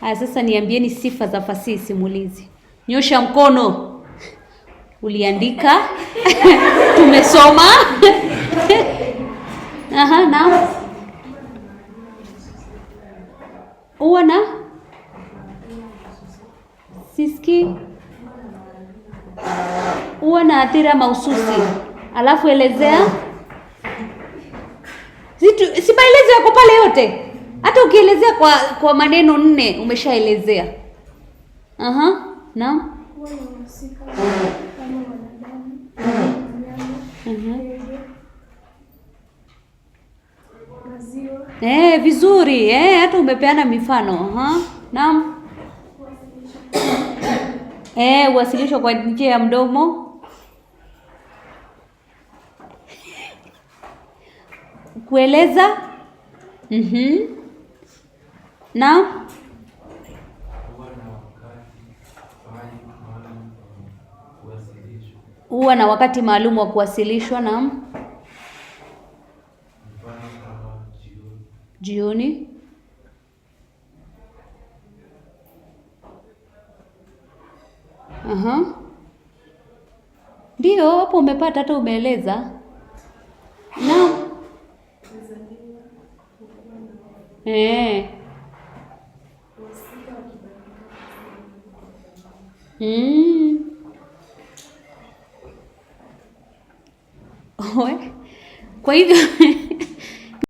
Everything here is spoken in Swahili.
Haya, sasa niambieni sifa za fasihi simulizi. Nyosha mkono. Uliandika? Tumesoma. Aha, na uwa na siski uwa na athira mahususi, alafu elezea zitu si yako pale yote hata ukielezea kwa kwa maneno nne umeshaelezea. Aha, na Eh, vizuri. Eh, hata umepeana mifano. Aha, naam. Eh, uwasilisho kwa njia ya mdomo. Kueleza. Mhm. Mm na huwa na wakati maalum wa kuwasilishwa na jioni Aha. Ndio hapo umepata hata umeeleza na eh. Mmh. Ouais. Kwa hivyo